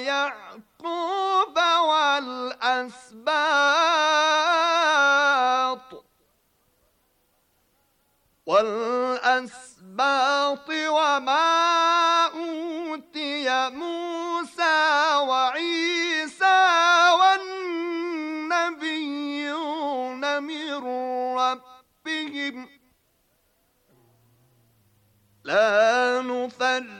ويعقوب والأسباط والأسباط وما أوتي موسى وعيسى والنبيون من ربهم لا نفرق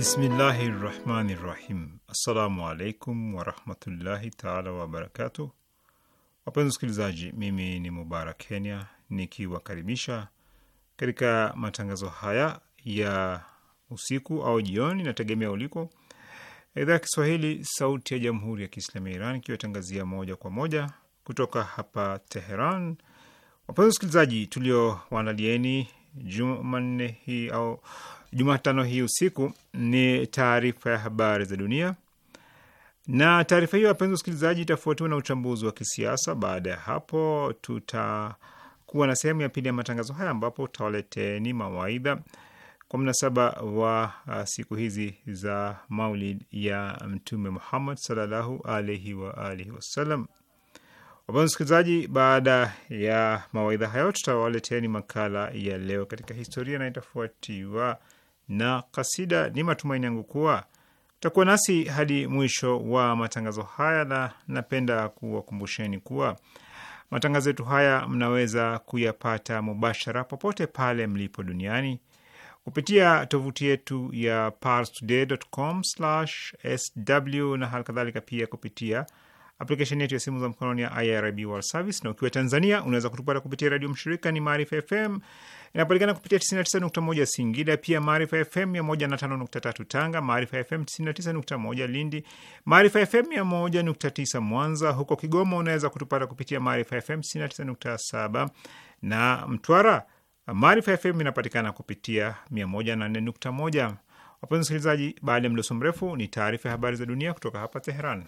Bismillahi rahmani rahim. Assalamu alaikum warahmatullahi taala wabarakatu. Wapenzi wasikilizaji, mimi ni Mubarak Kenya nikiwakaribisha katika matangazo haya ya usiku au jioni, nategemea uliko, idhaa ya Kiswahili sauti ya jamhuri ya Kiislami ya Iran ikiwatangazia moja kwa moja kutoka hapa Teheran. Wapenzi wasikilizaji, waandalieni Jumanne hii au Jumatano hii usiku ni taarifa ya habari za dunia, na taarifa hiyo, wapenzi wasikilizaji, itafuatiwa na uchambuzi wa kisiasa. Baada ya hapo, tutakuwa na sehemu ya pili ya matangazo haya ambapo tutawaleteni mawaidha kwa mnasaba wa uh, siku hizi za Maulid ya Mtume Muhammad sallallahu alaihi wa alihi wasallam. Wapenzi wasikilizaji, baada ya mawaidha hayo, tutawaleteni makala ya leo katika historia na itafuatiwa na kasida. Ni matumaini yangu kuwa utakuwa nasi hadi mwisho wa matangazo haya, na napenda kuwakumbusheni kuwa matangazo yetu haya mnaweza kuyapata mubashara popote pale mlipo duniani kupitia tovuti yetu ya parstoday.com/sw na halikadhalika pia kupitia aplikesheni yetu ya simu za mkononi ya IRIB World Service, na ukiwa Tanzania unaweza kutupata kupitia redio mshirika ni Maarifa FM, inapatikana kupitia 99.1 Singida, pia Maarifa FM 105.3 Tanga, Maarifa FM 99.1 Lindi, Maarifa FM 101.9 Mwanza. Huko Kigoma unaweza kutupata kupitia Maarifa FM 99.7 na Mtwara Maarifa FM inapatikana kupitia 104.1. Wapenzi wasikilizaji, baada ya mdoso mrefu ni taarifa ya habari za dunia kutoka hapa Teheran.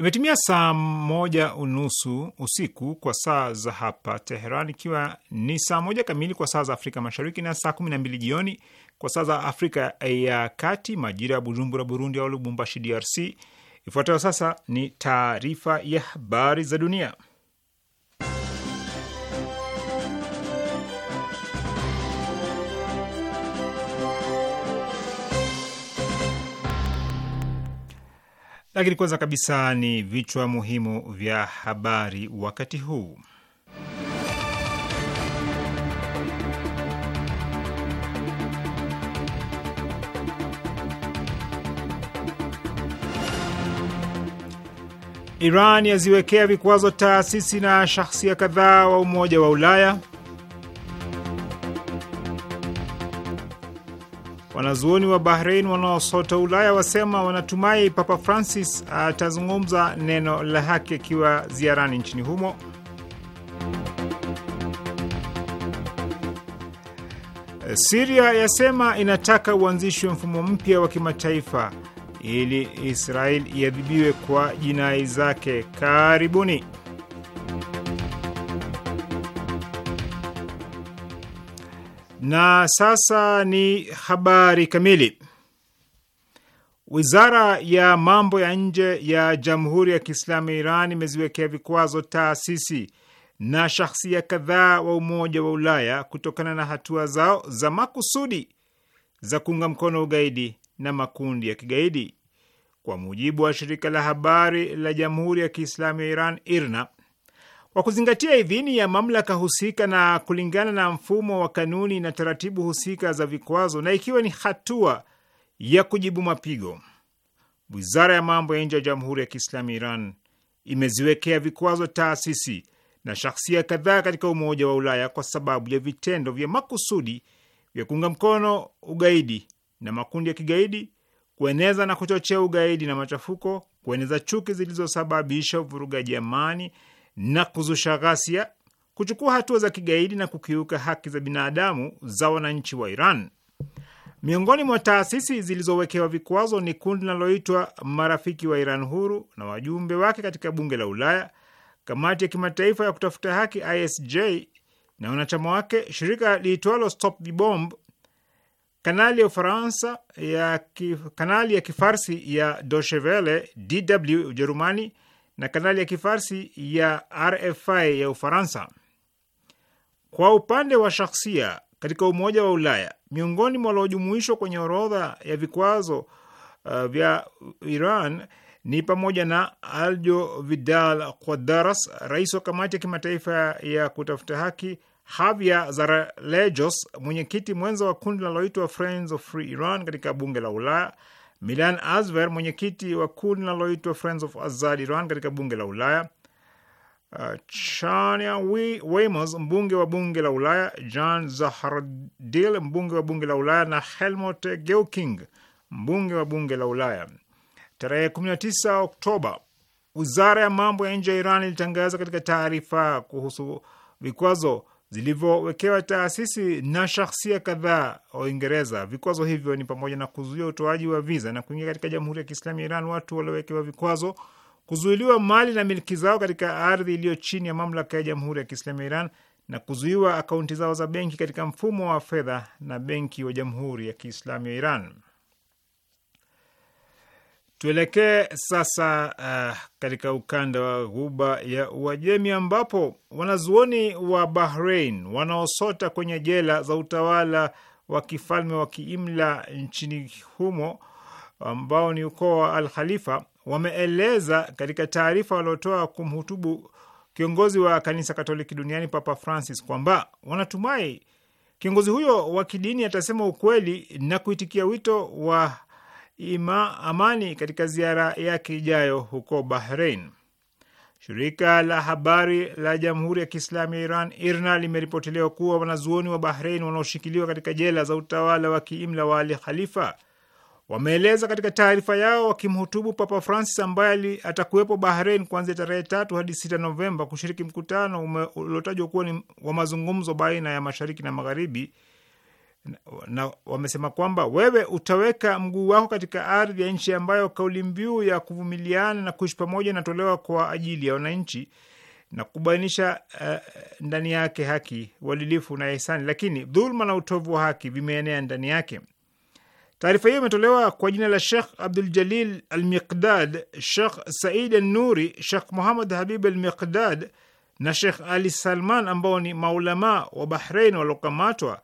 Imetimia saa moja unusu usiku kwa saa za hapa Teheran, ikiwa ni saa moja kamili kwa saa za Afrika Mashariki na saa kumi na mbili jioni kwa saa za Afrika ya Kati, majira ya Bujumbura Burundi au Lubumbashi DRC. Ifuatayo sasa ni taarifa ya habari za dunia, lakini kwanza kabisa ni vichwa muhimu vya habari wakati huu. Iran yaziwekea vikwazo taasisi na shahsia kadhaa wa Umoja wa Ulaya. Wanazuoni wa Bahrein wanaosota Ulaya wasema wanatumai Papa Francis atazungumza neno la haki akiwa ziarani nchini humo. Siria yasema inataka uanzishwe mfumo mpya wa kimataifa ili Israel iadhibiwe kwa jinai zake. Karibuni. Na sasa ni habari kamili. Wizara ya mambo ya nje ya Jamhuri ya Kiislamu ya Iran imeziwekea vikwazo taasisi na shahsia kadhaa wa Umoja wa Ulaya kutokana na hatua zao za makusudi za kuunga mkono ugaidi na makundi ya kigaidi. Kwa mujibu wa shirika la habari la Jamhuri ya Kiislamu ya Iran, IRNA, kwa kuzingatia idhini ya mamlaka husika na kulingana na mfumo wa kanuni na taratibu husika za vikwazo, na ikiwa ni hatua ya kujibu mapigo, wizara ya mambo ya nje ya Jamhuri ya Kiislamu ya Iran imeziwekea vikwazo taasisi na shahsia kadhaa katika Umoja wa Ulaya kwa sababu ya vitendo vya makusudi vya kuunga mkono ugaidi na makundi ya kigaidi, kueneza na kuchochea ugaidi na machafuko, kueneza chuki zilizosababisha uvurugaji amani na kuzusha ghasia, kuchukua hatua za kigaidi na kukiuka haki za binadamu za wananchi wa Iran. Miongoni mwa taasisi zilizowekewa vikwazo ni kundi linaloitwa Marafiki wa Iran Huru na wajumbe wake katika bunge la Ulaya, kamati ya kimataifa ya kutafuta haki ISJ na wanachama wake, shirika liitwalo Stop the Bomb Kanali ya Ufaransa ya kif, kanali ya Kifarsi ya Deutsche Welle DW Ujerumani na kanali ya Kifarsi ya RFI ya Ufaransa. Kwa upande wa shakhsia katika Umoja wa Ulaya, miongoni mwa waliojumuishwa kwenye orodha ya vikwazo uh, vya Iran ni pamoja na Aljo Vidal Quadras, rais wa kamati ya kimataifa ya kutafuta haki Javier Zaralejos, mwenyekiti mwenza wa kundi linaloitwa Friends of Free Iran katika bunge la Ulaya, Milan Azver, mwenyekiti wa kundi linaloitwa Friends of Azad Iran katika bunge la Ulaya, uh, Chania Weimos, mbunge wa bunge la Ulaya, Jan Zahardil, mbunge wa bunge la Ulaya na Helmut Geuking, mbunge wa bunge la Ulaya. Tarehe 19 Oktoba, wizara ya mambo ya nje ya Iran ilitangaza katika taarifa kuhusu vikwazo zilivyowekewa taasisi na shahsia kadhaa wa Uingereza. Vikwazo hivyo ni pamoja na kuzuia utoaji wa viza na kuingia katika Jamhuri ya Kiislamu ya Iran watu waliowekewa vikwazo, kuzuiliwa mali na milki zao katika ardhi iliyo chini ya mamlaka ya Jamhuri ya Kiislamu ya Iran na kuzuiwa akaunti zao za benki katika mfumo wa fedha na benki wa Jamhuri ya Kiislamu ya Iran. Tuelekee sasa uh, katika ukanda wa ghuba ya Uajemi ambapo wanazuoni wa Bahrain wanaosota kwenye jela za utawala wa kifalme wa kiimla nchini humo ambao ni ukoo wa Al Khalifa wameeleza katika taarifa waliotoa kumhutubu kiongozi wa kanisa Katoliki duniani Papa Francis kwamba wanatumai kiongozi huyo wa kidini atasema ukweli na kuitikia wito wa ima amani katika ziara yake ijayo huko bahrein Shirika la habari la Jamhuri ya Kiislamu ya Iran IRNA limeripotelewa kuwa wanazuoni wa bahrein wanaoshikiliwa katika jela za utawala wa kiimla wa Ali Khalifa wameeleza katika taarifa yao wakimhutubu Papa Francis ambaye atakuwepo bahrein kuanzia tarehe tatu hadi sita Novemba kushiriki mkutano uliotajwa kuwa ni wa mazungumzo baina ya mashariki na magharibi na wamesema kwamba wewe utaweka mguu wako katika ardhi ya nchi ambayo kauli mbiu ya kuvumiliana na kuishi pamoja inatolewa kwa ajili ya wananchi na kubainisha uh, ndani yake haki, uadilifu na hisani, lakini dhuluma na utovu wa haki vimeenea ndani yake. Taarifa hiyo imetolewa kwa jina la Shekh Abdul Jalil Al Miqdad, Shekh Said Al Nuri, Shekh Muhammad Habib Al Miqdad na Shekh Ali Salman ambao ni maulamaa wa Bahrein waliokamatwa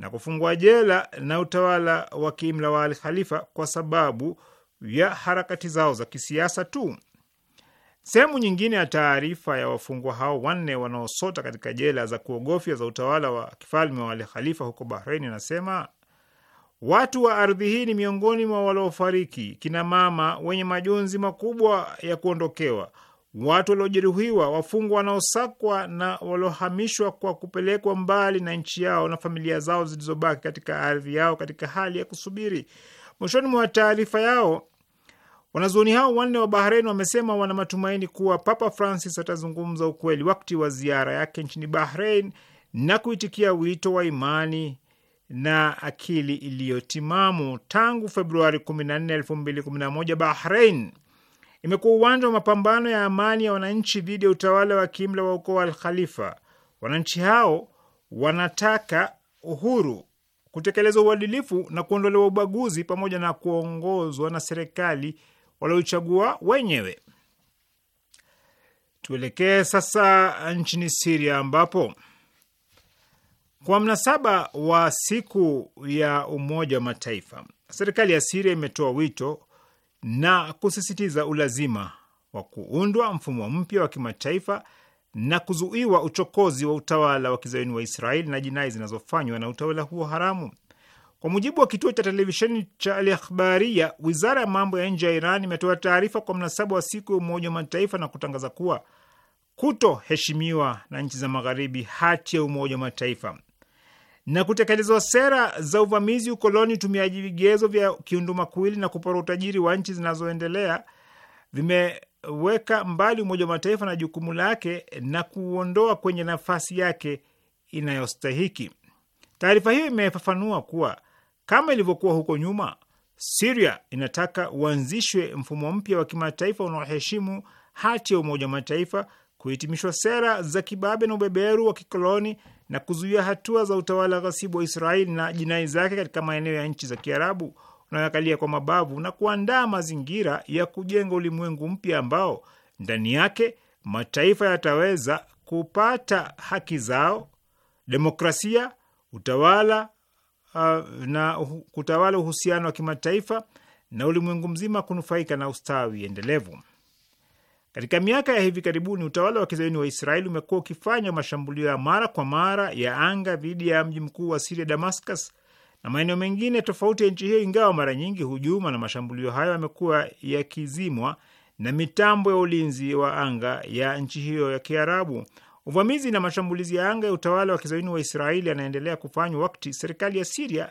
na kufungwa jela na utawala wa kiimla wa Al Khalifa kwa sababu ya harakati zao za kisiasa tu. Sehemu nyingine ya taarifa ya wafungwa hao wanne wanaosota katika jela za kuogofya za utawala wa kifalme wa Al Khalifa huko Bahrain inasema watu wa ardhi hii ni miongoni mwa waliofariki, kina mama wenye majonzi makubwa ya kuondokewa watu waliojeruhiwa, wafungwa wanaosakwa na waliohamishwa kwa kupelekwa mbali na nchi yao na familia zao zilizobaki katika ardhi yao katika hali ya kusubiri. Mwishoni mwa taarifa yao, wanazuoni hao wanne wa Bahrain wamesema wana matumaini kuwa Papa Francis atazungumza ukweli wakati wa ziara yake nchini Bahrain na kuitikia wito wa imani na akili iliyotimamu. Tangu Februari 14, 2011 Bahrain imekuwa uwanja wa mapambano ya amani ya wananchi dhidi ya utawala wa kiimla wa ukoo wa Alkhalifa. Wananchi hao wanataka uhuru, kutekeleza uadilifu na kuondolewa ubaguzi, pamoja na kuongozwa na serikali waliochagua wenyewe. Tuelekee sasa nchini Siria ambapo kwa mnasaba wa siku ya Umoja wa Mataifa, serikali ya Siria imetoa wito na kusisitiza ulazima wa kuundwa mfumo mpya wa kimataifa na kuzuiwa uchokozi wa utawala wa kizayuni wa Israeli na jinai zinazofanywa na utawala huo haramu. Kwa mujibu wa kituo cha televisheni cha Alakhbaria, wizara ya mambo ya nje ya Iran imetoa taarifa kwa mnasaba wa siku ya Umoja wa Mataifa na kutangaza kuwa kutoheshimiwa na nchi za Magharibi hati ya Umoja wa Mataifa na kutekelezwa sera za uvamizi, ukoloni, utumiaji vigezo vya kiundumakuwili na kupora utajiri wa nchi zinazoendelea vimeweka mbali Umoja wa Mataifa na jukumu lake na kuondoa kwenye nafasi yake inayostahiki. Taarifa hiyo imefafanua kuwa kama ilivyokuwa huko nyuma, Siria inataka uanzishwe mfumo mpya wa kimataifa unaoheshimu hati ya Umoja wa Mataifa, kuhitimishwa sera za kibabe na ubeberu wa kikoloni na kuzuia hatua za utawala ghasibu wa Israeli na jinai zake katika maeneo ya nchi za Kiarabu unayoakalia kwa mabavu na kuandaa mazingira ya kujenga ulimwengu mpya ambao ndani yake mataifa yataweza kupata haki zao, demokrasia, utawala uh, na kutawala uhusiano wa kimataifa na ulimwengu mzima kunufaika na ustawi endelevu. Katika miaka ya hivi karibuni utawala wa kizayuni wa Israeli umekuwa ukifanya mashambulio ya mara kwa mara ya anga dhidi ya mji mkuu wa Siria, Damascus, na maeneo mengine tofauti ya nchi hiyo, ingawa mara nyingi hujuma na mashambulio hayo yamekuwa yakizimwa na mitambo ya ulinzi wa anga ya nchi hiyo ya Kiarabu. Uvamizi na mashambulizi ya anga ya utawala wa kizayuni wa Israeli yanaendelea kufanywa wakati serikali ya Siria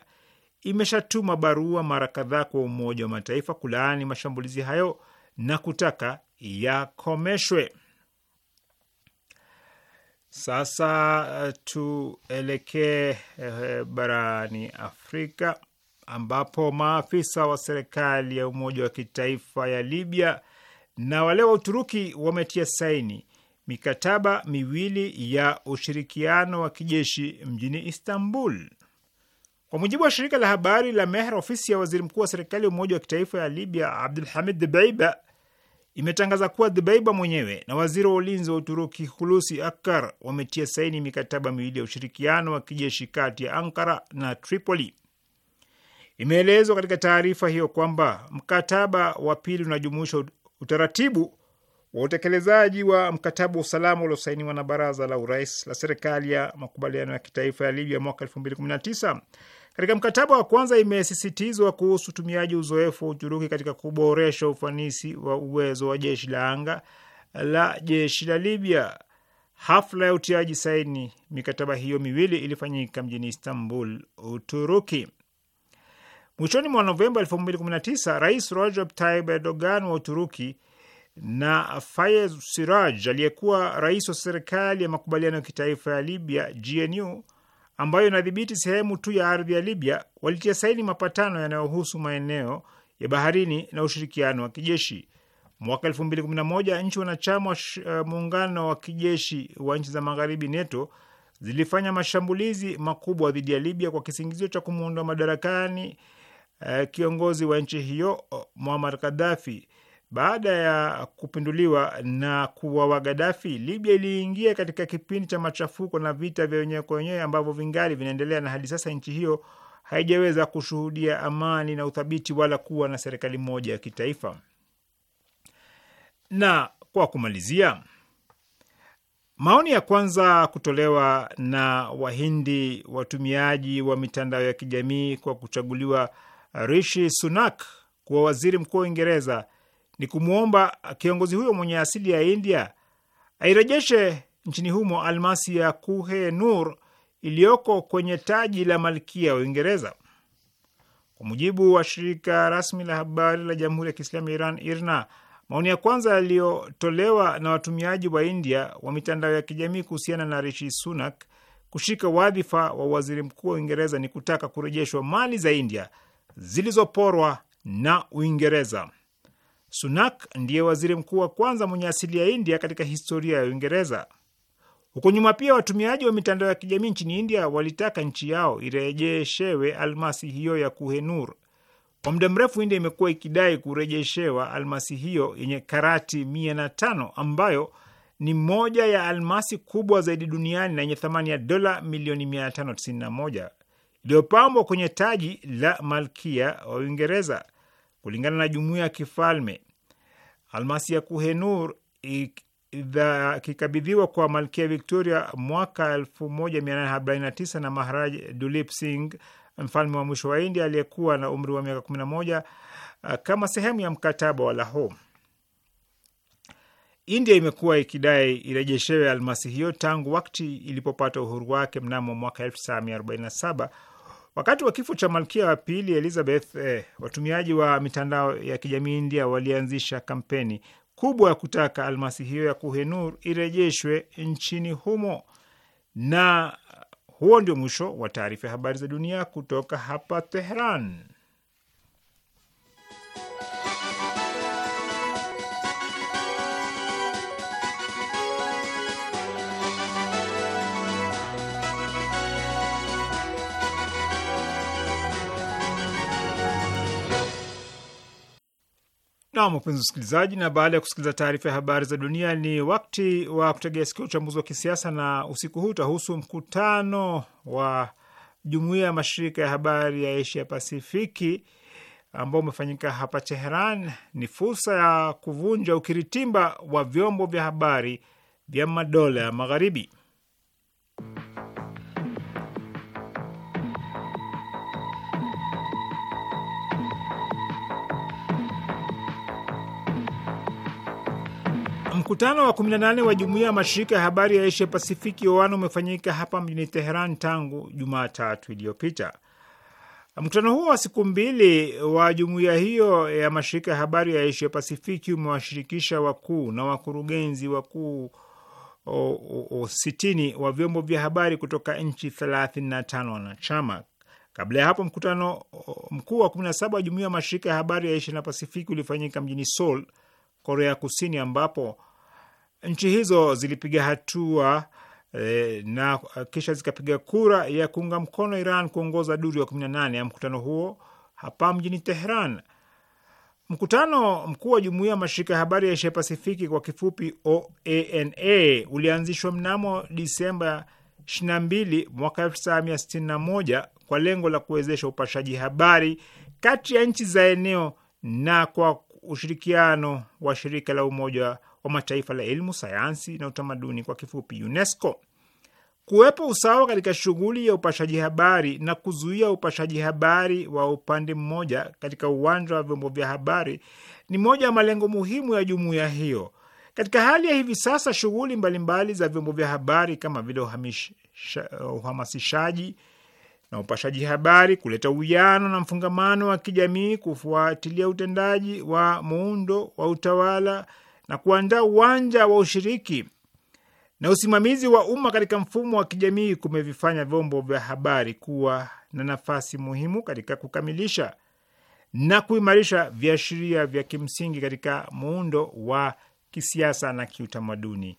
imeshatuma barua mara kadhaa kwa Umoja wa Mataifa kulaani mashambulizi hayo na kutaka yakomeshwe. Sasa eh, tuelekee eh, barani Afrika ambapo maafisa wa serikali ya umoja wa kitaifa ya Libya na wale wa Uturuki wametia saini mikataba miwili ya ushirikiano wa kijeshi mjini Istanbul. Kwa mujibu wa shirika la habari la Mehr, ofisi ya waziri mkuu wa serikali ya umoja wa kitaifa ya Libya Abdul Hamid imetangaza kuwa Dhibeiba mwenyewe na waziri wa ulinzi wa Uturuki Hulusi Akar wametia saini mikataba miwili ya ushirikiano wa kijeshi kati ya Ankara na Tripoli. Imeelezwa katika taarifa hiyo kwamba mkataba wa pili unajumuisha utaratibu wa utekelezaji wa mkataba wa usalama uliosainiwa na baraza la urais la serikali ya makubaliano ya kitaifa ya Libya mwaka 2019 katika mkataba wa kwanza imesisitizwa kuhusu utumiaji uzoefu wa Uturuki katika kuboresha ufanisi wa uwezo wa jeshi la anga la jeshi la Libya. Hafla ya utiaji saini mikataba hiyo miwili ilifanyika mjini Istanbul, Uturuki. Mwishoni mwa Novemba 2019 Rais Recep Tayyip Erdogan wa Uturuki na Fayez Siraj aliyekuwa rais wa serikali ya makubaliano ya kitaifa ya Libya GNU ambayo inadhibiti sehemu tu ya ardhi ya Libya walitia saini mapatano yanayohusu maeneo ya baharini na ushirikiano wa kijeshi. Mwaka moja nchi wanachama wa eh, muungano wa kijeshi wa nchi za magharibi NATO zilifanya mashambulizi makubwa dhidi ya Libya kwa kisingizio cha kumuondoa madarakani uh, kiongozi wa nchi hiyo eh, Muammar Gaddafi baada ya kupinduliwa na kuwa wagadafi, Libya iliingia katika kipindi cha machafuko na vita vya wenyewe kwa wenyewe ambavyo vingali vinaendelea, na hadi sasa nchi hiyo haijaweza kushuhudia amani na uthabiti wala kuwa na serikali moja ya kitaifa. Na kwa kumalizia, maoni ya kwanza kutolewa na Wahindi watumiaji wa mitandao ya kijamii kwa kuchaguliwa Rishi Sunak kuwa waziri mkuu wa Uingereza ni kumwomba kiongozi huyo mwenye asili ya India airejeshe nchini humo almasi ya Kuhe Nur iliyoko kwenye taji la malkia wa Uingereza. Kwa mujibu wa shirika rasmi la habari la Jamhuri ya Kiislamu ya Iran, IRNA, maoni ya kwanza yaliyotolewa na watumiaji wa India wa mitandao ya kijamii kuhusiana na Rishi Sunak kushika wadhifa wa waziri mkuu wa Uingereza ni kutaka kurejeshwa mali za India zilizoporwa na Uingereza. Sunak ndiye waziri mkuu wa kwanza mwenye asili ya India katika historia ya Uingereza. Huko nyuma pia watumiaji wa mitandao ya kijamii nchini India walitaka nchi yao irejeshewe almasi hiyo ya Kuhenur. Kwa muda mrefu India imekuwa ikidai kurejeshewa almasi hiyo yenye karati 5 ambayo ni moja ya almasi kubwa zaidi duniani na yenye thamani ya dola milioni 591 iliyopambwa kwenye taji la malkia wa Uingereza. Kulingana na jumuiya ya kifalme, almasi ya Kuhenur ikikabidhiwa kwa malkia Victoria mwaka 1849 na Maharaj Dulip Singh, mfalme wa mwisho wa India aliyekuwa na umri wa miaka 11 eh, kama sehemu ya mkataba wa Lahore. India imekuwa ikidai irejeshewe almasi hiyo tangu wakati ilipopata uhuru wake mnamo mwaka 1947 Wakati wa kifo cha malkia wa pili Elizabeth eh, watumiaji wa mitandao ya kijamii India walianzisha kampeni kubwa ya kutaka almasi hiyo ya kuhenur irejeshwe nchini humo. Na huo ndio mwisho wa taarifa ya habari za dunia kutoka hapa Tehran. Na mpenzi msikilizaji, na baada ya kusikiliza taarifa ya habari za dunia, ni wakati wa kutegea sikio uchambuzi wa kisiasa, na usiku huu utahusu mkutano wa jumuiya ya mashirika ya habari ya Asia Pasifiki ambao umefanyika hapa Teheran. Ni fursa ya kuvunja ukiritimba wa vyombo vya habari vya madola ya Magharibi. Mkutano wa 18 wa jumuiya ya mashirika ya habari ya Asia Pasifiki OAN umefanyika hapa mjini Teheran tangu Jumatatu iliyopita. Mkutano huo wa siku mbili wa jumuiya hiyo ya mashirika ya habari ya Asia Pasifiki umewashirikisha wakuu na wakurugenzi wakuu o, sitini wa vyombo vya habari kutoka nchi 35 wanachama. Kabla ya hapo, mkutano mkuu wa 17 wa jumuiya ya mashirika ya habari ya Asia na Pasifiki ulifanyika mjini Seoul, Korea Kusini, ambapo nchi hizo zilipiga hatua e, na eh, kisha zikapiga kura ya kuunga mkono Iran kuongoza duru ya 18 ya mkutano huo hapa mjini Tehran. Mkutano mkuu wa jumuiya ya mashirika ya habari ya Asia Pasifiki kwa kifupi OANA ulianzishwa mnamo Disemba 22 mwaka 1961 kwa lengo la kuwezesha upashaji habari kati ya nchi za eneo na kwa ushirikiano wa shirika la Umoja kwa mataifa la elimu, sayansi na utamaduni, kwa kifupi UNESCO. Kuwepo usawa katika shughuli ya upashaji habari na kuzuia upashaji habari wa upande mmoja katika uwanja wa vyombo vya habari ni moja ya malengo muhimu ya jumuiya hiyo. Katika hali ya hivi sasa, shughuli mbalimbali za vyombo vya habari kama vile uhamasishaji na upashaji habari, kuleta uwiano na mfungamano wa kijamii, kufuatilia utendaji wa muundo wa utawala na kuandaa uwanja wa ushiriki na usimamizi wa umma katika mfumo wa kijamii kumevifanya vyombo vya habari kuwa na nafasi muhimu katika kukamilisha na kuimarisha viashiria vya kimsingi katika muundo wa kisiasa na kiutamaduni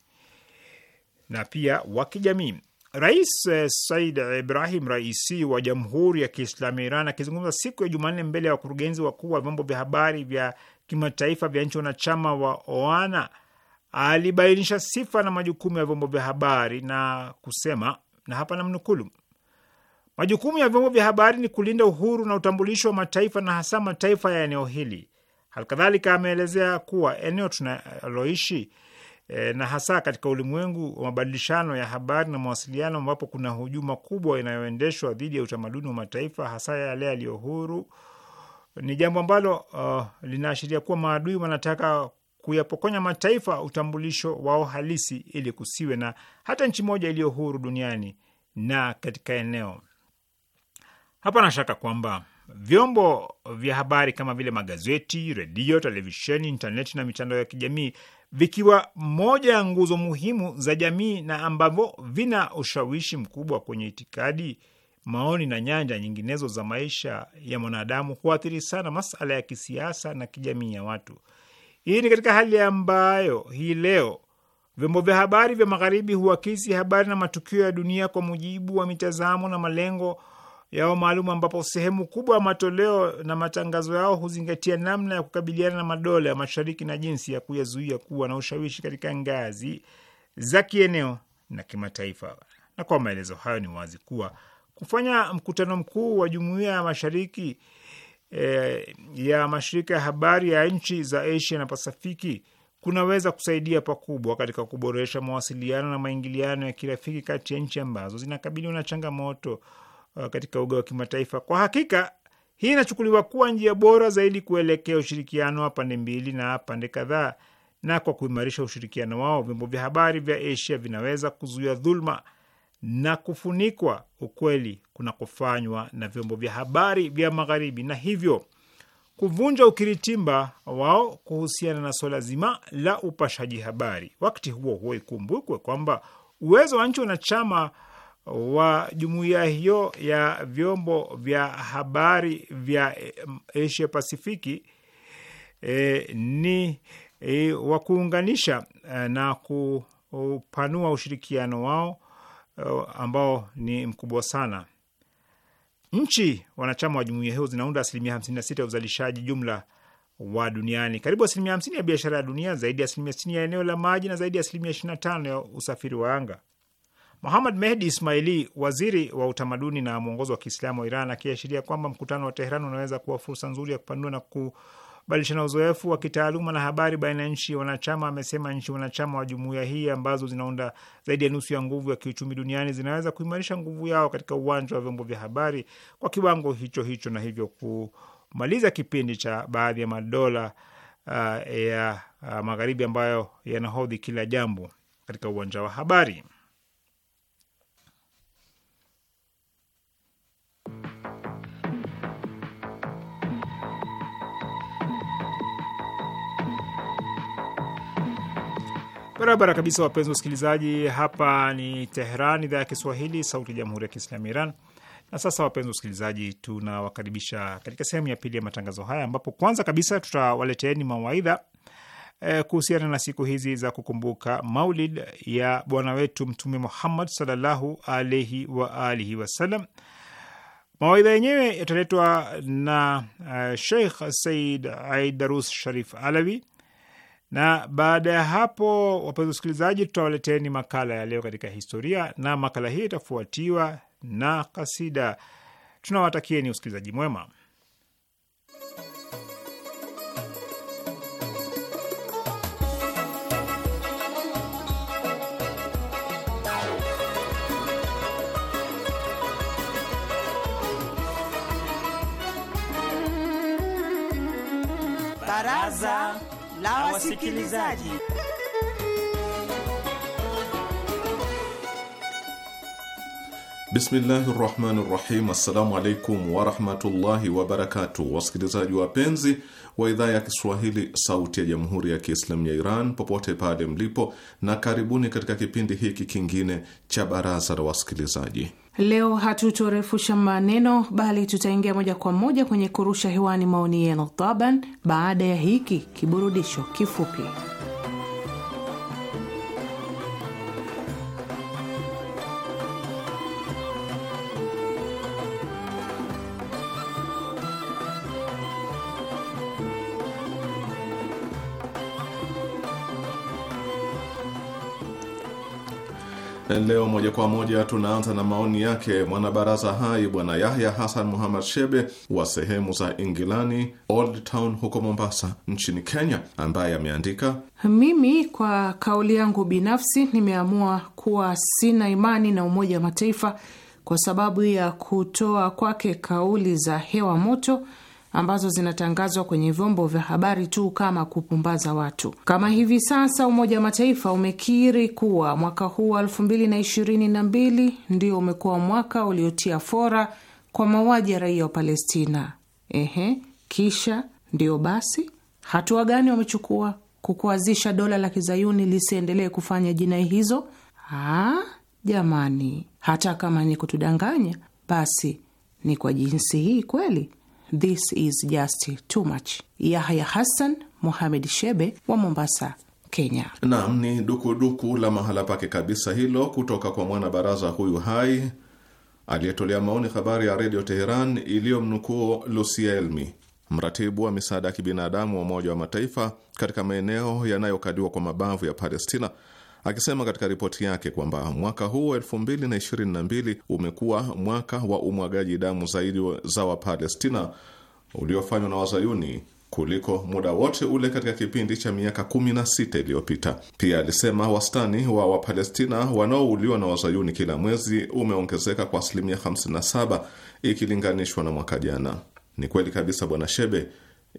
na pia wa kijamii. Rais eh, Said Ibrahim Raisi wa Jamhuri ya Kiislamu ya Iran akizungumza siku ya Jumanne mbele ya wakurugenzi wakuu wa vyombo vya habari vya kimataifa vya nchi wanachama wa OANA alibainisha sifa na majukumu ya vyombo vya habari na kusema, na hapa namnukulu: majukumu ya vyombo vya habari ni kulinda uhuru na utambulisho wa mataifa na hasa mataifa ya eneo hili. Halikadhalika ameelezea kuwa eneo tunaloishi e, na hasa katika ulimwengu wa mabadilishano ya habari na mawasiliano, ambapo kuna hujuma kubwa inayoendeshwa dhidi ya utamaduni wa mataifa, hasa yale yaliyo huru ni jambo ambalo uh, linaashiria kuwa maadui wanataka kuyapokonya mataifa utambulisho wao halisi ili kusiwe na hata nchi moja iliyo huru duniani na katika eneo. Hapana shaka kwamba vyombo vya habari kama vile magazeti, redio, televisheni, intaneti na mitandao ya kijamii vikiwa moja ya nguzo muhimu za jamii na ambavyo vina ushawishi mkubwa kwenye itikadi maoni na nyanja nyinginezo za maisha ya mwanadamu huathiri sana masala ya kisiasa na kijamii ya watu. Hii ni katika hali ambayo hii leo vyombo vya habari vya magharibi huakisi habari na matukio ya dunia kwa mujibu wa mitazamo na malengo yao maalum, ambapo sehemu kubwa ya matoleo na matangazo yao huzingatia namna ya kukabiliana na madola ya mashariki na jinsi ya kuyazuia kuwa na ushawishi katika ngazi za kieneo na kimataifa. Na kwa maelezo hayo, ni wazi kuwa kufanya mkutano mkuu wa jumuiya ya mashariki e, ya mashirika ya habari ya nchi za Asia na Pasifiki kunaweza kusaidia pakubwa katika kuboresha mawasiliano na maingiliano ya kirafiki kati ya nchi ambazo zinakabiliwa na changamoto e, katika uga wa kimataifa. Kwa hakika, hii inachukuliwa kuwa njia bora zaidi kuelekea ushirikiano wa pande mbili na pande kadhaa, na kwa kuimarisha ushirikiano wao, vyombo vya habari vya Asia vinaweza kuzuia dhuluma na kufunikwa ukweli kunakofanywa na vyombo vya habari vya Magharibi na hivyo kuvunja ukiritimba wao kuhusiana na swala zima la upashaji habari. Wakati huo huo, ikumbukwe kwamba uwezo wa nchi wanachama wa jumuiya hiyo ya vyombo vya habari vya Asia Pasifiki e, ni e, wa kuunganisha e, na kupanua ushirikiano wao Eh, ambao ni mkubwa sana. Nchi wanachama wa jumuiya hiyo zinaunda asilimia 56 ya uzalishaji jumla wa duniani, karibu asilimia 50 ya biashara ya dunia, zaidi ya asilimia 60 ya eneo la maji na zaidi ya asilimia 25 ya usafiri wa anga. Muhamad Mehdi Ismaili, waziri wa utamaduni na mwongozo wa Kiislamu wa Iran, akiashiria kwamba mkutano wa Teheran unaweza kuwa fursa nzuri ya kupanua na ku kubadilishana uzoefu wa kitaaluma na habari baina ya nchi wanachama. Amesema nchi wanachama wa jumuiya hii ambazo zinaunda zaidi ya nusu ya nguvu ya kiuchumi duniani zinaweza kuimarisha nguvu yao katika uwanja wa vyombo vya habari kwa kiwango hicho hicho, na hivyo kumaliza kipindi cha baadhi ya madola uh, ya uh, magharibi ambayo yanahodhi kila jambo katika uwanja wa habari. Barabara kabisa, wapenzi wasikilizaji, hapa ni Tehran, idhaa ya Kiswahili, sauti ya jamhuri ya kiislamu ya Iran. Na sasa, wapenzi wasikilizaji, tunawakaribisha katika sehemu ya pili ya matangazo haya, ambapo kwanza kabisa tutawaleteeni mawaidha e, kuhusiana na siku hizi za kukumbuka maulid ya bwana wetu Mtume Muhammad sallallahu alaihi waalihi wasalam. Mawaidha yenyewe yataletwa na uh, Sheikh Said aidarus Sharif Alawi na baada ya hapo, wapenzi wasikilizaji, tutawaleteni makala ya leo katika historia, na makala hii itafuatiwa na kasida. Tunawatakieni usikilizaji mwema. Baraza la wasikilizaji. Bismillahi rahmani rahim. Assalamu alaikum warahmatullahi wabarakatuh. Wasikilizaji wapenzi wa idhaa ya Kiswahili sauti ya jamhuri ya Kiislamu ya Iran popote pale mlipo, na karibuni katika kipindi hiki kingine cha baraza la wasikilizaji. Leo hatutorefusha maneno, bali tutaingia moja kwa moja kwenye kurusha hewani maoni yenu taban, baada ya hiki kiburudisho kifupi. Leo moja kwa moja tunaanza na maoni yake mwanabaraza hai Bwana Yahya Hasan Muhammad Shebe wa sehemu za Ingilani, Old Town huko Mombasa nchini Kenya, ambaye ameandika mimi kwa kauli yangu binafsi nimeamua kuwa sina imani na Umoja wa Mataifa kwa sababu ya kutoa kwake kauli za hewa moto ambazo zinatangazwa kwenye vyombo vya habari tu kama kupumbaza watu. Kama hivi sasa Umoja wa Mataifa umekiri kuwa mwaka huu wa elfu mbili na ishirini na mbili ndio umekuwa mwaka uliotia fora kwa mauaji ya raia wa Palestina. Ehe, kisha ndio basi, hatua gani wamechukua kukuazisha dola la kizayuni lisiendelee kufanya jinai hizo? Aa, jamani, hata kama ni kutudanganya, basi ni kwa jinsi hii kweli? This is just too much. Yahya Hassan Muhamed Shebe wa Mombasa, Kenya. Naam, ni dukuduku la mahala pake kabisa hilo kutoka kwa mwanabaraza huyu hai aliyetolea maoni habari ya redio Teheran iliyomnukuu Lusia Elmi, mratibu wa misaada ya kibinadamu wa Umoja wa Mataifa katika maeneo yanayokaliwa kwa mabavu ya Palestina akisema katika ripoti yake kwamba mwaka huu mbili umekuwa mwaka wa umwagaji damu zaidi za Wapalestina uliofanywa na Wazayuni kuliko muda wote ule katika kipindi cha miaka sita iliyopita. Pia alisema wastani wa Wapalestina wanaouliwa na Wazayuni kila mwezi umeongezeka kwa asilimia 57 ikilinganishwa na mwaka jana. Ni kweli kabisa, Bwana Shebe,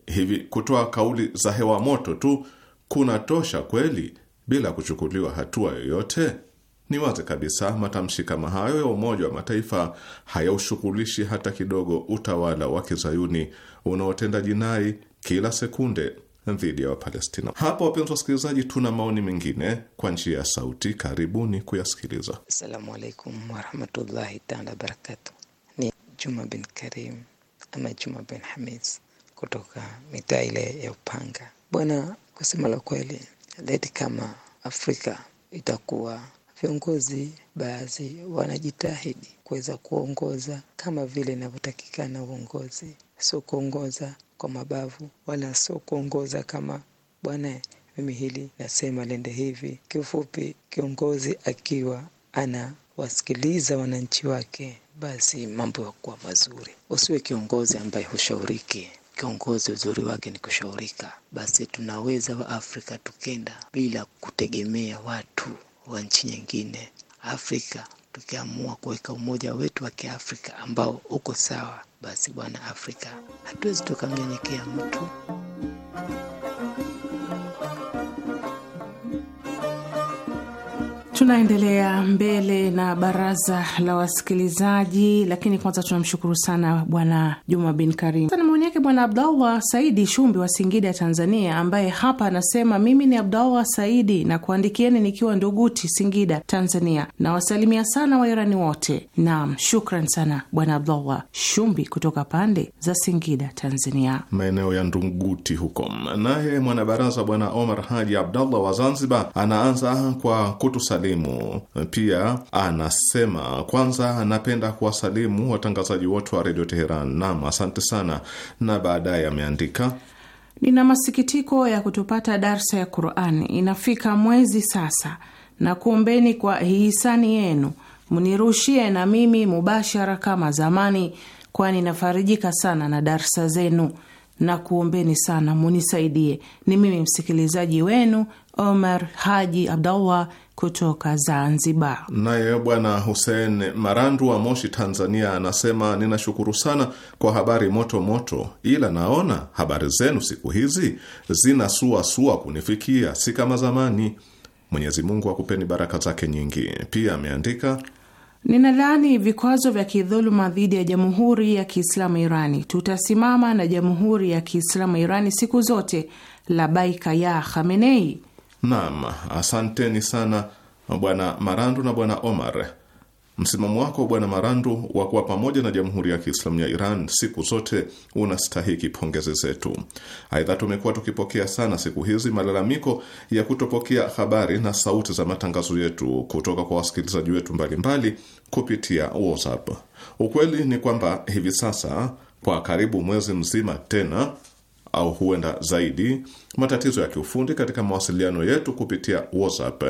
hivi kutoa kauli za hewa moto tu kuna tosha kweli bila kuchukuliwa hatua yoyote? Ni wazi kabisa matamshi kama hayo ya Umoja wa Mataifa hayaushughulishi hata kidogo utawala wa kizayuni unaotenda jinai kila sekunde dhidi ya Wapalestina. Hapa wapenzi wasikilizaji, tuna maoni mengine kwa njia ya sauti, karibuni kuyasikiliza. Assalamu alaikum warahmatullahi taala wabarakatu. Ni Juma bin Karim ama Juma bin kutoka mitaa ile ya Upanga. Bwana, kusema la kweli leti kama Afrika itakuwa viongozi baadhi wanajitahidi kuweza kuongoza kama vile inavyotakikana uongozi, sio kuongoza kwa mabavu, wala sio kuongoza kama bwana, mimi hili nasema lende hivi. Kiufupi, kiongozi akiwa anawasikiliza wananchi wake, basi mambo yakuwa mazuri. Usiwe kiongozi ambaye hushauriki kiongozi uzuri wake ni kushaurika. Basi tunaweza wa afrika tukenda bila kutegemea watu wa nchi nyingine. Afrika tukiamua kuweka umoja wetu wa Kiafrika ambao uko sawa, basi bwana Afrika, hatuwezi tukamnyenyekea mtu. Tunaendelea mbele na baraza la wasikilizaji, lakini kwanza tunamshukuru sana Bwana Juma bin Karim. Sasa maoni yake Bwana Abdallah Saidi Shumbi wa Singida, Tanzania, ambaye hapa anasema mimi ni Abdallah Saidi na kuandikieni nikiwa Nduguti, Singida, Tanzania. Nawasalimia sana Wairani wote. Naam, shukran sana Bwana Abdallah Shumbi kutoka pande za Singida, Tanzania, maeneo ya Nduguti huko. Naye mwanabaraza Bwana Omar Haji Abdallah wa Zanzibar anaanza kwa kutusalimu kusalimu. Pia anasema kwanza, napenda kuwasalimu watangazaji wote wa redio Teheran. Naam, asante sana. Na baadaye ameandika nina masikitiko ya kutopata darsa ya Qurani, inafika mwezi sasa, na kuombeni kwa hisani yenu mnirushie na mimi mubashara kama zamani, kwani nafarijika sana na darsa zenu na kuombeni sana munisaidie. Ni mimi msikilizaji wenu Omar Haji Abdallah kutoka Zanzibar. Naye bwana Hussein Marandu wa Moshi, Tanzania, anasema ninashukuru sana kwa habari moto moto, ila naona habari zenu siku hizi zinasuasua kunifikia, si kama zamani. Mwenyezi Mungu akupeni baraka zake nyingi. Pia ameandika Ninalaani vikwazo vya kidhuluma dhidi ya Jamhuri ya Kiislamu Irani. Tutasimama na Jamhuri ya Kiislamu Irani siku zote, labaika ya Khamenei. Naam, asanteni sana Bwana Marandu na Bwana Omar Msimamo wako Bwana Marandu wa kuwa pamoja na Jamhuri ya Kiislamu ya Iran siku zote unastahiki pongezi zetu. Aidha, tumekuwa tukipokea sana siku hizi malalamiko ya kutopokea habari na sauti za matangazo yetu kutoka kwa wasikilizaji wetu mbalimbali kupitia WhatsApp. Ukweli ni kwamba hivi sasa kwa karibu mwezi mzima tena au huenda zaidi, matatizo ya kiufundi katika mawasiliano yetu kupitia WhatsApp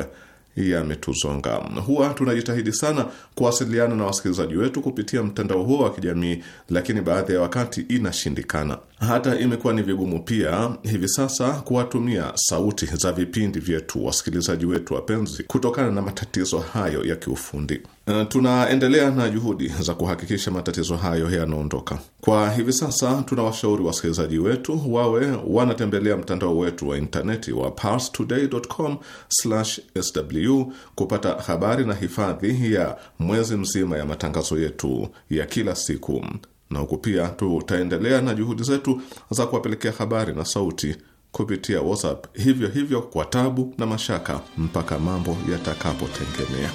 yametuzonga. Huwa tunajitahidi sana kuwasiliana na wasikilizaji wetu kupitia mtandao huo wa kijamii, lakini baadhi ya wakati inashindikana. Hata imekuwa ni vigumu pia hivi sasa kuwatumia sauti za vipindi vyetu wasikilizaji wetu wapenzi, kutokana na matatizo hayo ya kiufundi. Eh, tunaendelea na juhudi za kuhakikisha matatizo hayo yanaondoka. Kwa hivi sasa, tunawashauri wasikilizaji wetu wawe wanatembelea mtandao wetu wa intaneti wa parstoday.com/sw kupata habari na hifadhi ya mwezi mzima ya matangazo yetu ya kila siku, na huku pia tutaendelea na juhudi zetu za kuwapelekea habari na sauti kupitia WhatsApp, hivyo hivyo kwa tabu na mashaka, mpaka mambo yatakapotengemea.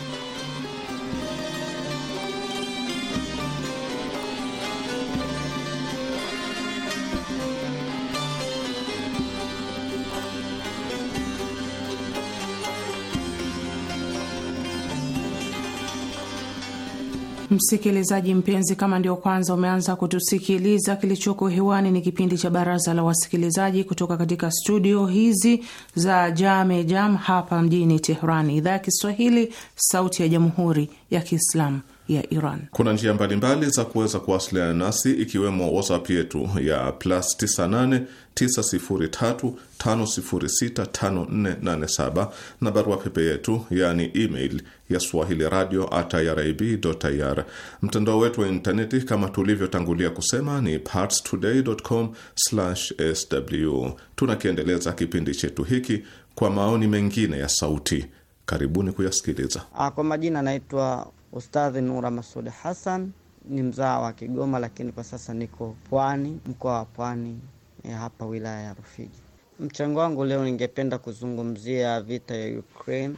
Msikilizaji mpenzi, kama ndio kwanza umeanza kutusikiliza, kilichoko hewani ni kipindi cha Baraza la Wasikilizaji kutoka katika studio hizi za Jame Jam hapa mjini Tehrani, Idhaa ya Kiswahili, Sauti ya Jamhuri ya Kiislamu ya Iran. Kuna njia mbalimbali za kuweza kuwasiliana nasi ikiwemo WhatsApp yetu ya plus 98 na barua pepe yetu yaani email ya swahili radio at Mtandao wetu wa intaneti kama tulivyotangulia kusema ni partstoday.com/sw. Tunakiendeleza kipindi chetu hiki kwa maoni mengine ya sauti. Karibuni kuyasikiliza. Ah, kwa majina anaitwa Ustadhi Nura Masud Hassan ni mzaa wa Kigoma, lakini kwa sasa niko Pwani, mkoa wa Pwani eh, hapa wilaya ya Rufiji. Mchango wangu leo, ningependa kuzungumzia vita ya Ukraine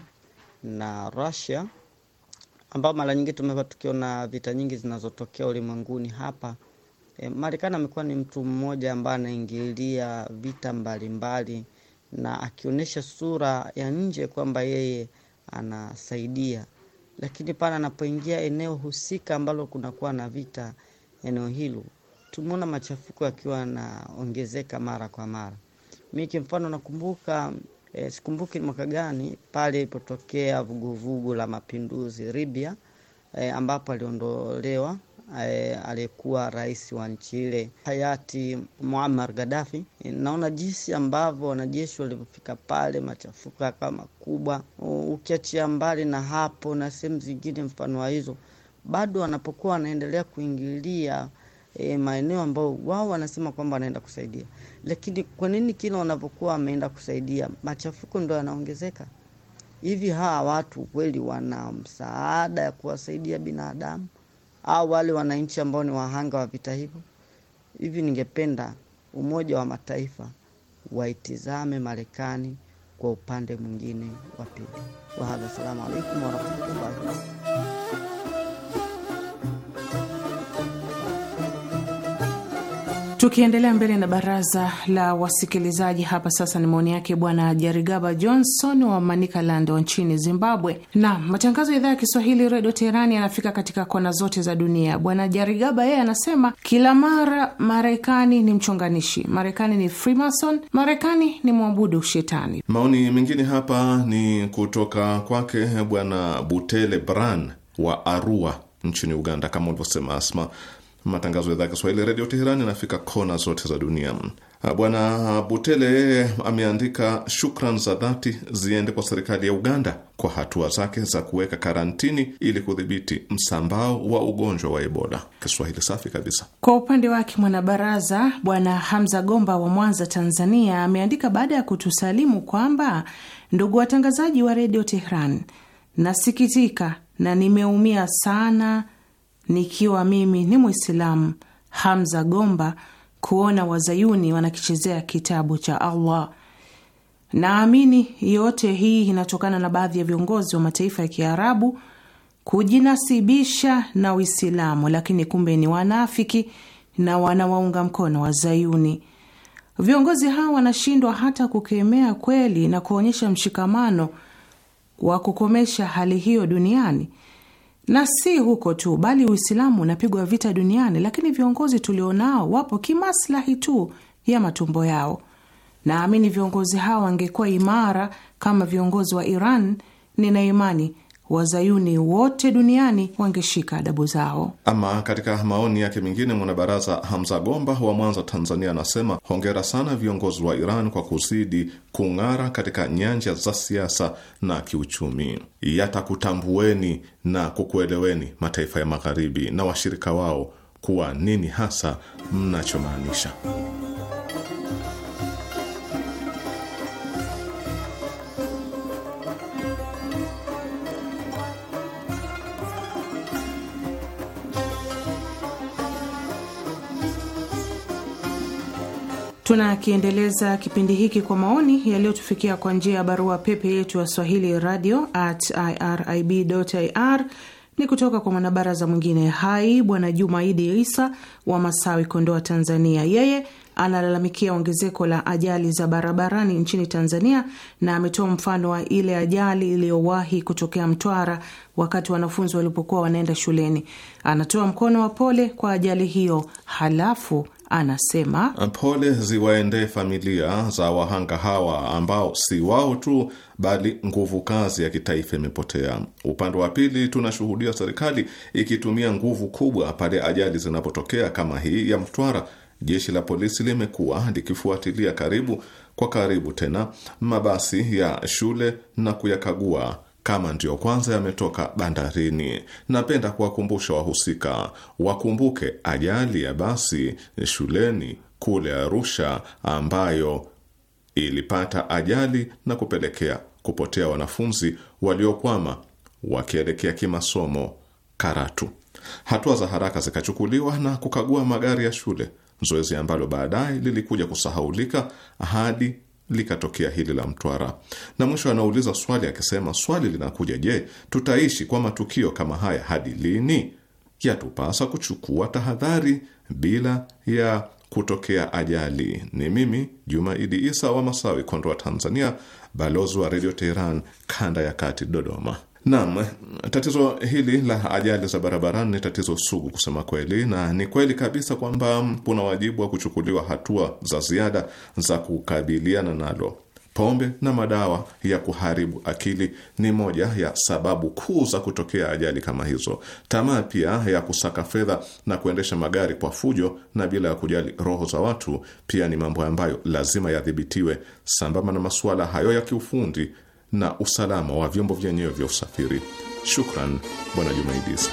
na Russia, ambao mara nyingi tumekuwa tukiona vita nyingi zinazotokea ulimwenguni hapa e, Marekani amekuwa ni mtu mmoja ambaye anaingilia vita mbalimbali mbali, na akionyesha sura ya nje kwamba yeye anasaidia lakini pale anapoingia eneo husika ambalo kunakuwa na vita eneo hilo, tumeona machafuko yakiwa yanaongezeka mara kwa mara. mi kimfano nakumbuka e, sikumbuki mwaka gani pale ilipotokea vuguvugu la mapinduzi Libya e, ambapo aliondolewa Eh, aliyekuwa rais wa nchi ile hayati Muammar Gaddafi. Naona jinsi ambavyo wanajeshi walivyofika pale, machafuko yakawa makubwa. Ukiachia mbali na hapo na sehemu zingine mfano wa hizo, bado wanapokuwa wanaendelea kuingilia E, maeneo ambayo wao wanasema kwamba wanaenda kusaidia, lakini kwa nini kila wanavyokuwa wameenda kusaidia machafuko ndo yanaongezeka? Hivi hawa watu kweli wana msaada ya kuwasaidia binadamu? au wale wananchi ambao ni wahanga wa vita hivyo. Hivi ningependa Umoja wa Mataifa waitizame Marekani kwa upande mwingine wa pili. Wahadha, salamu alaikum warahmatullahi Tukiendelea mbele na baraza la wasikilizaji hapa sasa, ni maoni yake Bwana Jarigaba Johnson wa Manicaland wa nchini Zimbabwe. Na matangazo ya idhaa ya Kiswahili Redio Teherani yanafika katika kona zote za dunia. Bwana Jarigaba yeye anasema kila mara Marekani ni mchonganishi, Marekani ni Freemason, Marekani ni mwabudu shetani. Maoni mengine hapa ni kutoka kwake Bwana Butele Bran wa Arua nchini Uganda, kama ulivyosema Asma Matangazo ya idhaa ya Kiswahili redio Teherani yanafika kona zote za dunia. Ah, Bwana Butele yeye ameandika shukran za dhati ziende kwa serikali ya Uganda kwa hatua zake za kuweka karantini ili kudhibiti msambao wa ugonjwa wa Ebola. Kiswahili safi kabisa. Kwa upande wake mwanabaraza Bwana Hamza Gomba wa Mwanza, Tanzania, ameandika baada ya kutusalimu kwamba ndugu watangazaji wa redio Teheran, nasikitika na nimeumia sana nikiwa mimi ni Mwislamu Hamza Gomba kuona wazayuni wanakichezea kitabu cha Allah. Naamini yote hii inatokana na baadhi ya viongozi wa mataifa ya Kiarabu kujinasibisha na Uislamu, lakini kumbe ni wanafiki na wanawaunga mkono wazayuni. Viongozi hawa wanashindwa hata kukemea kweli na kuonyesha mshikamano wa kukomesha hali hiyo duniani na si huko tu, bali Uislamu unapigwa vita duniani, lakini viongozi tulionao wapo kimaslahi tu ya matumbo yao. Naamini viongozi hao wangekuwa imara kama viongozi wa Iran, nina imani wazayuni wote duniani wangeshika adabu zao. Ama katika maoni yake mengine, mwanabaraza Hamza Gomba wa Mwanza, Tanzania, anasema hongera sana viongozi wa Iran kwa kuzidi kung'ara katika nyanja za siasa na kiuchumi. Yatakutambueni na kukueleweni mataifa ya Magharibi na washirika wao kuwa nini hasa mnachomaanisha. Tunakiendeleza kipindi hiki kwa maoni yaliyotufikia kwa njia ya barua pepe yetu ya swahili radio at irib ir ni kutoka kwa mwanabaraza mwingine hai Bwana Juma Idi Isa wa Masawi, Kondoa, Tanzania. Yeye analalamikia ongezeko la ajali za barabarani nchini Tanzania na ametoa mfano wa ile ajali iliyowahi kutokea Mtwara wakati wanafunzi walipokuwa wanaenda shuleni. Anatoa mkono wa pole kwa ajali hiyo, halafu anasema pole ziwaendee familia za wahanga hawa ambao si wao tu bali nguvu kazi ya kitaifa imepotea. Upande wa pili, tunashuhudia serikali ikitumia nguvu kubwa pale ajali zinapotokea kama hii ya Mtwara. Jeshi la polisi limekuwa likifuatilia karibu kwa karibu tena mabasi ya shule na kuyakagua kama ndiyo kwanza yametoka bandarini. Napenda kuwakumbusha wahusika wakumbuke ajali ya basi shuleni kule Arusha ambayo ilipata ajali na kupelekea kupotea wanafunzi waliokwama wakielekea kimasomo Karatu. Hatua za haraka zikachukuliwa na kukagua magari ya shule, zoezi ambalo baadaye lilikuja kusahaulika hadi likatokea hili la Mtwara. Na mwisho anauliza swali akisema, swali linakuja, je, tutaishi kwa matukio kama haya hadi lini? Yatupasa kuchukua tahadhari bila ya kutokea ajali. Ni mimi juma idi Isa wa Masawi, Kondoa, Tanzania, balozi wa Redio Teheran kanda ya kati, Dodoma. Naam, tatizo hili la ajali za barabarani ni tatizo sugu kusema kweli, na ni kweli kabisa kwamba kuna wajibu wa kuchukuliwa hatua za ziada za kukabiliana nalo. Pombe na madawa ya kuharibu akili ni moja ya sababu kuu za kutokea ajali kama hizo. Tamaa pia ya kusaka fedha na kuendesha magari kwa fujo na bila ya kujali roho za watu pia ni mambo ambayo lazima yadhibitiwe, sambamba na masuala hayo ya kiufundi na usalama wa vyombo vyenyewe vya usafiri. Shukran Bwana Jumaidiza.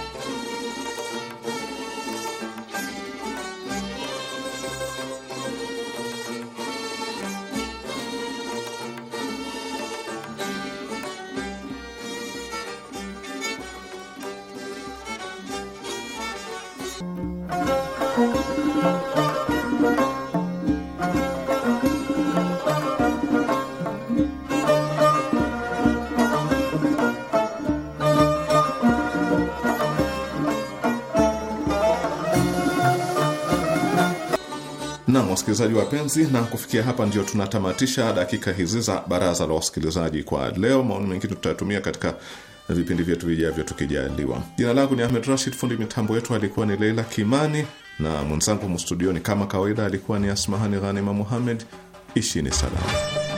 wasikilizaji wapenzi, na kufikia hapa ndio tunatamatisha dakika hizi za baraza la wasikilizaji kwa leo. Maoni mengine tutayatumia katika vipindi vyetu vijavyo tukijaliwa. Jina langu ni Ahmed Rashid, fundi mitambo yetu alikuwa ni Leila Kimani na mwenzangu mstudioni kama kawaida alikuwa ni Asmahani Ghanima Muhammed. Ishini salama.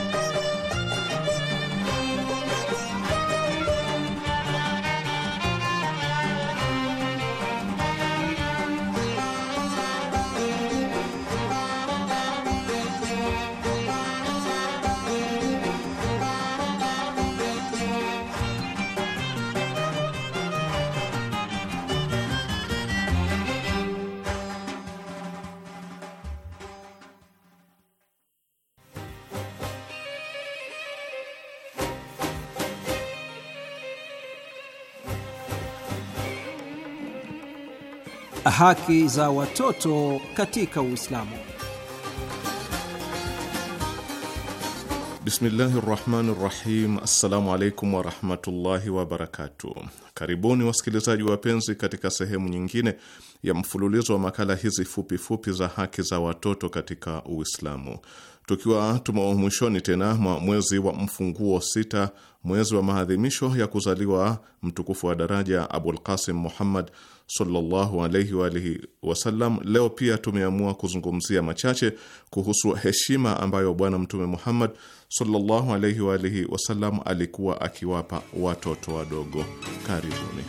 Haki za watoto katika Uislamu. Bismillahi rahmani rahim. Assalamu alaikum warahmatullahi wabarakatuh. Karibuni wasikilizaji wapenzi, katika sehemu nyingine ya mfululizo wa makala hizi fupifupi fupi za haki za watoto katika Uislamu, tukiwa tumo mwishoni tena mwa mwezi wa mfunguo sita, mwezi wa maadhimisho ya kuzaliwa mtukufu wa daraja abulkasim Muhammad sallallahu wa alihi wasallam. Leo pia tumeamua kuzungumzia machache kuhusu heshima ambayo Bwana Mtume Muhammad sallallahu wa alihi wasallam alikuwa akiwapa watoto wadogo. Karibuni.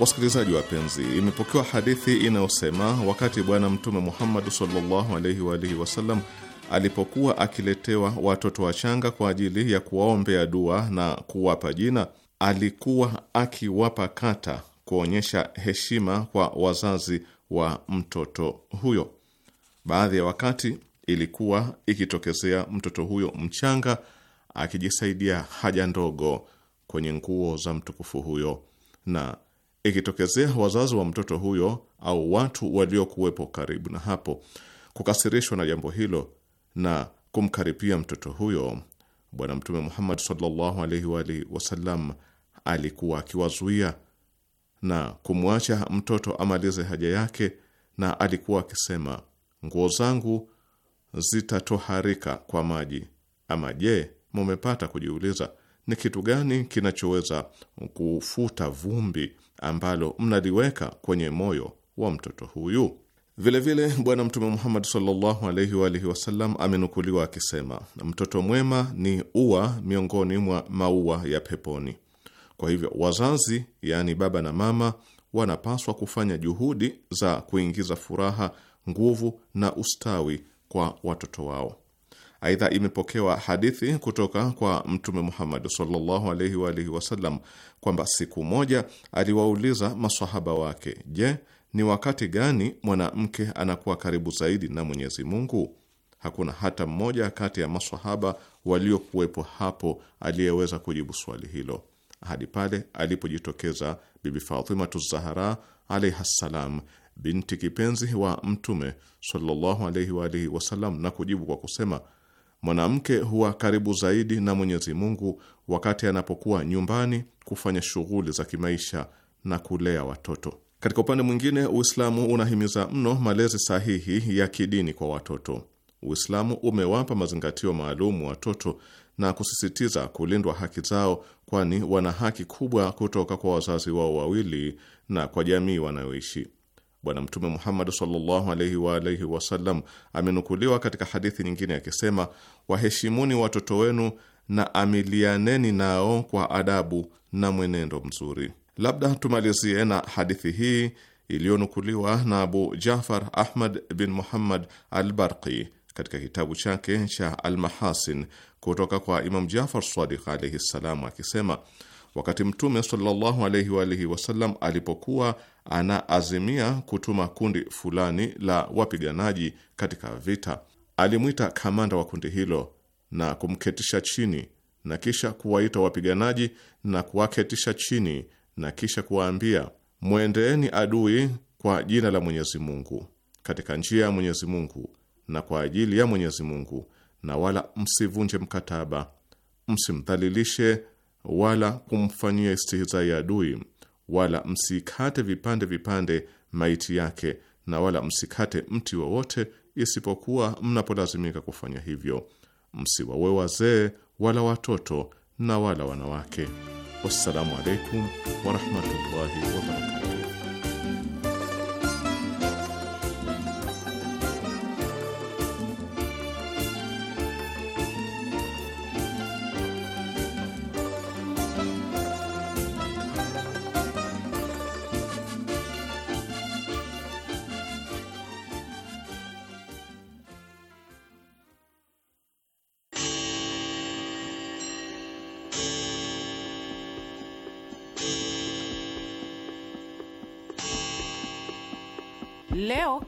Wasikilizaji wapenzi, imepokewa hadithi inayosema wakati Bwana Mtume Muhammad sallallahu alaihi wa alihi wasallam alipokuwa akiletewa watoto wachanga kwa ajili ya kuwaombea dua na kuwapa jina, alikuwa akiwapa kata kuonyesha heshima kwa wazazi wa mtoto huyo. Baadhi ya wakati ilikuwa ikitokezea mtoto huyo mchanga akijisaidia haja ndogo kwenye nguo za mtukufu huyo, na ikitokezea wazazi wa mtoto huyo au watu waliokuwepo karibu na hapo kukasirishwa na jambo hilo na kumkaripia mtoto huyo, Bwana Mtume Muhammad sallallahu alaihi wa alihi wasallam alikuwa akiwazuia na kumwacha mtoto amalize haja yake, na alikuwa akisema, nguo zangu zitatoharika kwa maji. Ama je, mumepata kujiuliza ni kitu gani kinachoweza kufuta vumbi ambalo mnaliweka kwenye moyo wa mtoto huyu. Vilevile Bwana Mtume Muhammad sallallahu alaihi wa alihi wasallam amenukuliwa akisema, mtoto mwema ni ua miongoni mwa maua ya peponi. Kwa hivyo wazazi, yaani baba na mama, wanapaswa kufanya juhudi za kuingiza furaha, nguvu na ustawi kwa watoto wao. Aidha, imepokewa hadithi kutoka kwa Mtume Muhammad sallallahu alaihi wa alihi wasallam kwamba siku moja aliwauliza masahaba wake, je, ni wakati gani mwanamke anakuwa karibu zaidi na Mwenyezi Mungu? Hakuna hata mmoja kati ya masahaba waliokuwepo hapo aliyeweza kujibu swali hilo hadi pale alipojitokeza Bibi Fatimatu Zahara alaihi ssalam, binti kipenzi wa Mtume sallallahu alaihi wa alihi wasallam, na kujibu kwa kusema mwanamke huwa karibu zaidi na Mwenyezi Mungu wakati anapokuwa nyumbani kufanya shughuli za kimaisha na kulea watoto. Katika upande mwingine, Uislamu unahimiza mno malezi sahihi ya kidini kwa watoto. Uislamu umewapa mazingatio maalumu watoto na kusisitiza kulindwa haki zao, kwani wana haki kubwa kutoka kwa wazazi wao wawili na kwa jamii wanayoishi. Bwana Mtume Muhammad sallallahu alaihi wa alihi wasallam amenukuliwa katika hadithi nyingine akisema, waheshimuni watoto wenu na amilianeni nao kwa adabu na mwenendo mzuri. Labda tumalizie na hadithi hii iliyonukuliwa na Abu Jafar Ahmad bin Muhammad al-Barqi katika kitabu chake cha Almahasin kutoka kwa Imam Jafar Sadiq alaihi ssalam akisema, wakati Mtume sallallahu alaihi wa alihi wasallam alipokuwa anaazimia kutuma kundi fulani la wapiganaji katika vita, alimwita kamanda wa kundi hilo na kumketisha chini na kisha kuwaita wapiganaji na kuwaketisha chini na kisha kuwaambia, mwendeeni adui kwa jina la Mwenyezi Mungu, katika njia ya Mwenyezi Mungu na kwa ajili ya Mwenyezi Mungu, na wala msivunje mkataba, msimdhalilishe wala kumfanyia istihizai adui wala msikate vipande vipande maiti yake, na wala msikate mti wowote, isipokuwa mnapolazimika kufanya hivyo. msiwawe wazee wala watoto na wala wanawake. Wassalamu alaikum warahmatullahi wabarakatuh.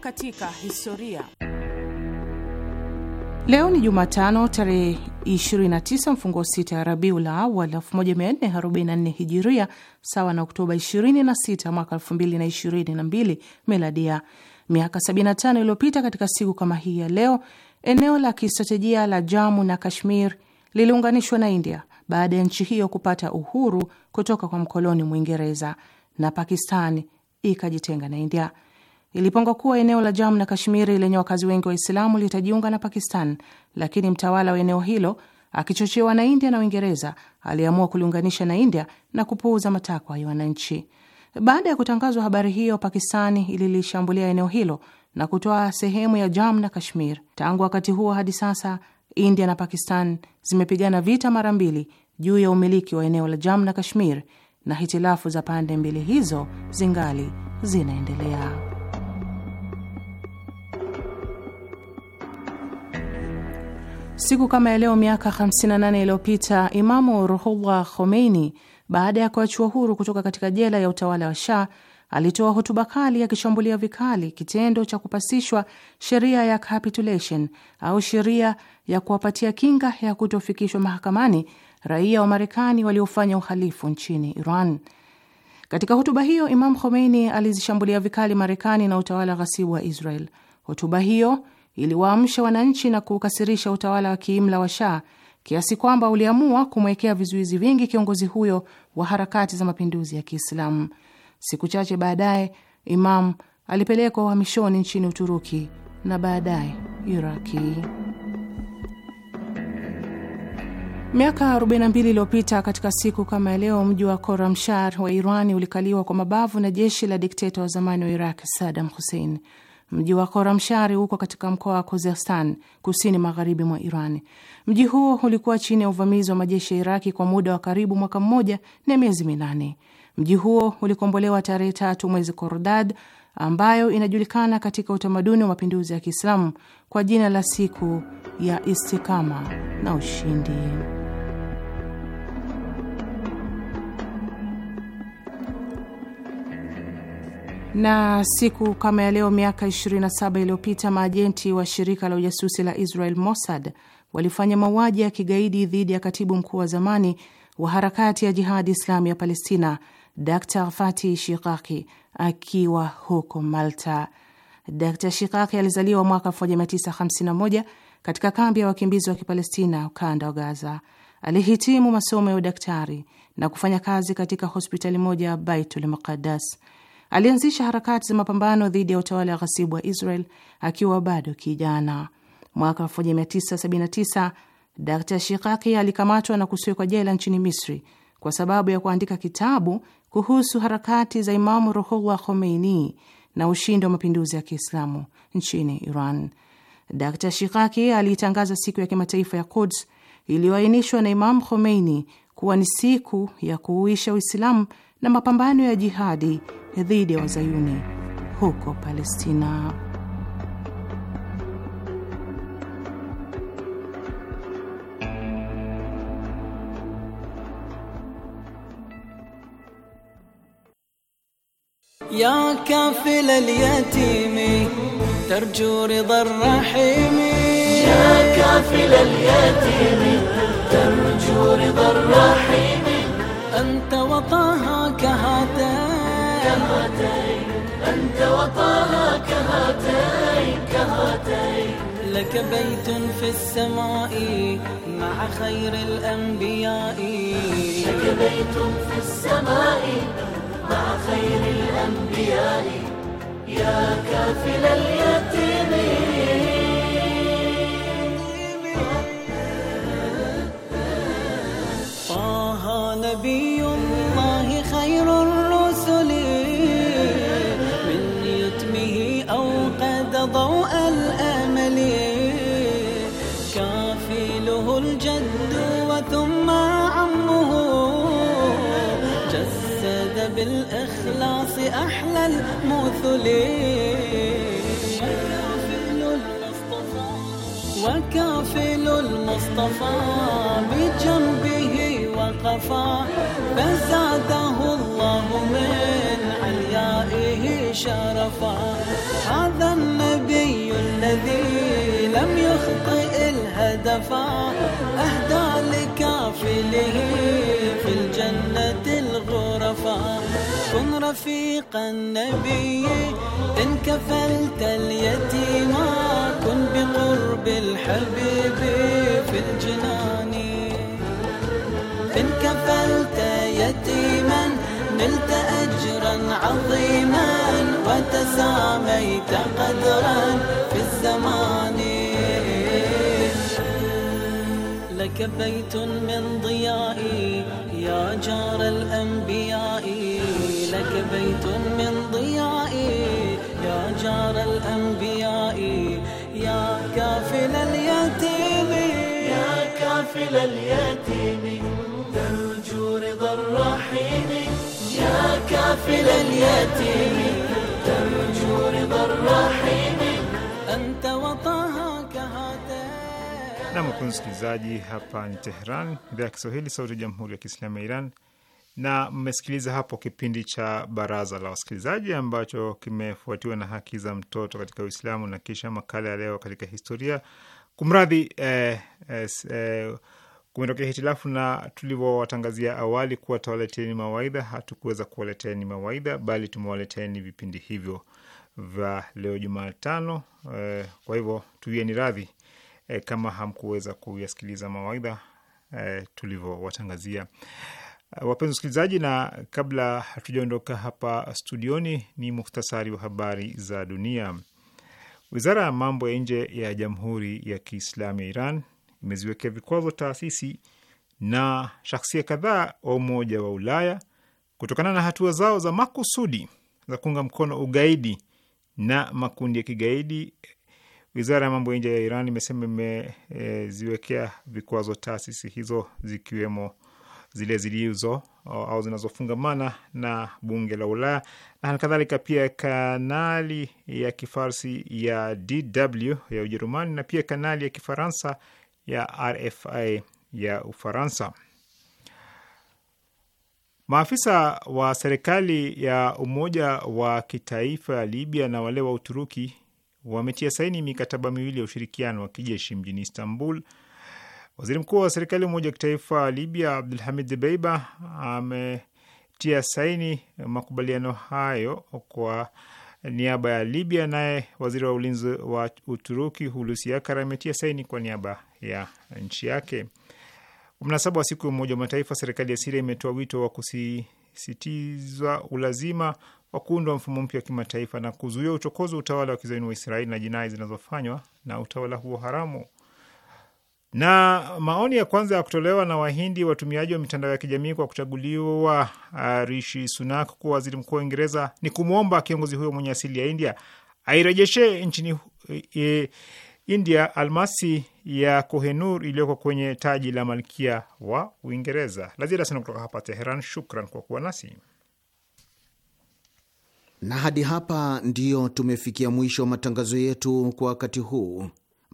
katika historia. Leo ni Jumatano tarehe 29 mfungo sita Rabiul Awal 1444 Hijiria, sawa na Oktoba 26 mwaka 2022 Meladia. Miaka 75 iliyopita katika siku kama hii ya leo, eneo la kistratejia la Jamu na Kashmir liliunganishwa na India baada ya nchi hiyo kupata uhuru kutoka kwa mkoloni Mwingereza, na Pakistani ikajitenga na India. Ilipangwa kuwa eneo la Jamu na Kashmiri lenye wakazi wengi Waislamu litajiunga na Pakistan, lakini mtawala wa eneo hilo akichochewa na India na Uingereza aliamua kuliunganisha na India na kupuuza matakwa ya wananchi. Baada ya kutangazwa habari hiyo, Pakistani ililishambulia eneo hilo na kutoa sehemu ya Jamu na Kashmir. Tangu wakati huo hadi sasa, India na Pakistan zimepigana vita mara mbili juu ya umiliki wa eneo la Jamu na Kashmir, na hitilafu za pande mbili hizo zingali zinaendelea. Siku kama ya leo miaka 58 iliyopita Imamu Ruhullah Khomeini, baada ya kuachiwa huru kutoka katika jela ya utawala wa Shah, alitoa hotuba kali akishambulia vikali kitendo cha kupasishwa sheria ya capitulation au sheria ya kuwapatia kinga ya kutofikishwa mahakamani raia wa Marekani waliofanya uhalifu nchini Iran. Katika hotuba hiyo, Imam Khomeini alizishambulia vikali Marekani na utawala ghasibu wa Israel. Hotuba hiyo iliwaamsha wananchi na kuukasirisha utawala wa kiimla wa Shah kiasi kwamba uliamua kumwekea vizuizi vingi kiongozi huyo wa harakati za mapinduzi ya Kiislamu. Siku chache baadaye, Imam alipelekwa uhamishoni nchini Uturuki na baadaye Iraki. Miaka 42 iliyopita katika siku kama ya leo, mji wa Koramshar wa Irani ulikaliwa kwa mabavu na jeshi la dikteta wa zamani wa Iraq Saddam Hussein. Mji wa Koramshari uko katika mkoa wa Khuzestan, kusini magharibi mwa Iran. Mji huo ulikuwa chini ya uvamizi wa majeshi ya Iraki kwa muda wa karibu mwaka mmoja na miezi minane. Mji huo ulikombolewa tarehe tatu mwezi Kordad, ambayo inajulikana katika utamaduni wa mapinduzi ya Kiislamu kwa jina la siku ya istikama na ushindi. Na siku kama ya leo miaka 27 iliyopita maajenti wa shirika la ujasusi la Israel Mossad walifanya mauaji ya kigaidi dhidi ya katibu mkuu wa zamani wa harakati ya Jihadi Islami ya Palestina Dr Fati Shikaki akiwa huko Malta. Dr Shikaki alizaliwa mwaka 1951 katika kambi ya wakimbizi wa Kipalestina, ukanda wa Gaza. Alihitimu masomo ya udaktari na kufanya kazi katika hospitali moja ya Baitul Muqaddas. Alianzisha harakati za mapambano dhidi ya utawala wa ghasibu wa Israel akiwa bado kijana. Mwaka 1979 Dr Shikaki alikamatwa na kusiwekwa jela nchini Misri kwa sababu ya kuandika kitabu kuhusu harakati za Imamu Ruhollah Khomeini na ushindi wa mapinduzi ya Kiislamu nchini Iran. Dr Shikaki aliitangaza siku ya kimataifa ya Quds iliyoainishwa na Imamu Khomeini kuwa ni siku ya kuuisha Uislamu na mapambano ya jihadi dhidi ya wazayuni huko Palestina. يا كافل اليتيم ترجو رضا الرحيم يا كافل اليتيم ترجو رضا الرحيم أنت وطهاك هاتان أنت وطه كهاتين كهاتين لك بيت في السماء مع خير الأنبياء لك بيت في السماء مع خير الأنبياء يا كافل اليتيمين نبي المثلين وكافل المصطفى وكافل المصطفى بجنبه وقفا فزاده الله من عليائه شرفا هذا النبي الذي لم يخطئ الهدفا أهدى لكافله في الجنة كن رفيق النبي إن كفلت اليتيم كن بقرب الحبيب في الجنان إن كفلت يتيما نلت أجرا عظيما وتساميت قدرا في الزمان لك بيت من ضيائي يا جار الأنبياء لك بيت من ضيائي يا جار الأنبياء يا كافل اليتيم يا كافل اليتيم ترجو رضا الرحيم يا كافل اليتيم ترجو رضا الرحيم أنت وطه كهاتين. Na mpenzi msikilizaji, hapa ni Tehran, idhaa ya Kiswahili, sauti ya jamhuri ya kiislamu ya Iran. na mmesikiliza hapo kipindi cha Baraza la Wasikilizaji ambacho kimefuatiwa na haki za mtoto katika Uislamu na kisha makala ya leo katika historia. Kumradhi, eh, eh, eh kumetokea hitilafu na tulivyowatangazia awali kuwa tawaleteni mawaidha. Hatukuweza kuwaleteni mawaidha, bali tumewaleteni vipindi hivyo vya leo Jumatano. Eh, kwa hivyo tuieni radhi eh, kama hamkuweza kuyasikiliza mawaidha eh, tulivyowatangazia. Uh, wapenzi wasikilizaji, na kabla hatujaondoka hapa studioni, ni muhtasari wa habari za dunia. Wizara ya mambo ya nje ya Jamhuri ya Kiislamu ya Iran imeziwekea vikwazo taasisi na shahsia kadhaa wa Umoja wa Ulaya kutokana na hatua zao za makusudi za kuunga mkono ugaidi na makundi ya kigaidi. Wizara ya mambo ya nje ya Iran imesema imeziwekea vikwazo taasisi hizo zikiwemo zile zilizo au zinazofungamana na bunge la Ulaya na halikadhalika pia kanali ya Kifarsi ya DW ya Ujerumani na pia kanali ya Kifaransa ya RFI ya Ufaransa. Maafisa wa serikali ya umoja wa kitaifa ya Libya na wale wa Uturuki wametia saini mikataba miwili ya ushirikiano wa kijeshi mjini Istanbul Waziri mkuu wa serikali ya umoja wa kitaifa Libya Abdulhamid Dbeiba ametia saini makubaliano hayo kwa niaba ya Libya. Naye waziri wa ulinzi wa Uturuki Hulusi Akar ametia saini kwa niaba ya nchi yake. Kwa mnasaba wa siku ya Umoja wa Mataifa, serikali ya Siria imetoa wito wa kusisitizwa ulazima wa kuundwa mfumo mpya wa kimataifa na kuzuia uchokozi wa utawala wa kizayuni wa Israeli na jinai zinazofanywa na utawala huo haramu. Na maoni ya kwanza ya kutolewa na Wahindi watumiaji wa mitandao ya kijamii kwa kuchaguliwa uh, Rishi Sunak kuwa waziri mkuu wa Uingereza ni kumwomba kiongozi huyo mwenye asili ya India airejeshe nchini e, India almasi ya Kohenur iliyoko kwenye taji la malkia wa Uingereza. La kutoka hapa Teheran. Shukran kwa kuwa nasi na hadi hapa ndiyo tumefikia mwisho wa matangazo yetu kwa wakati huu.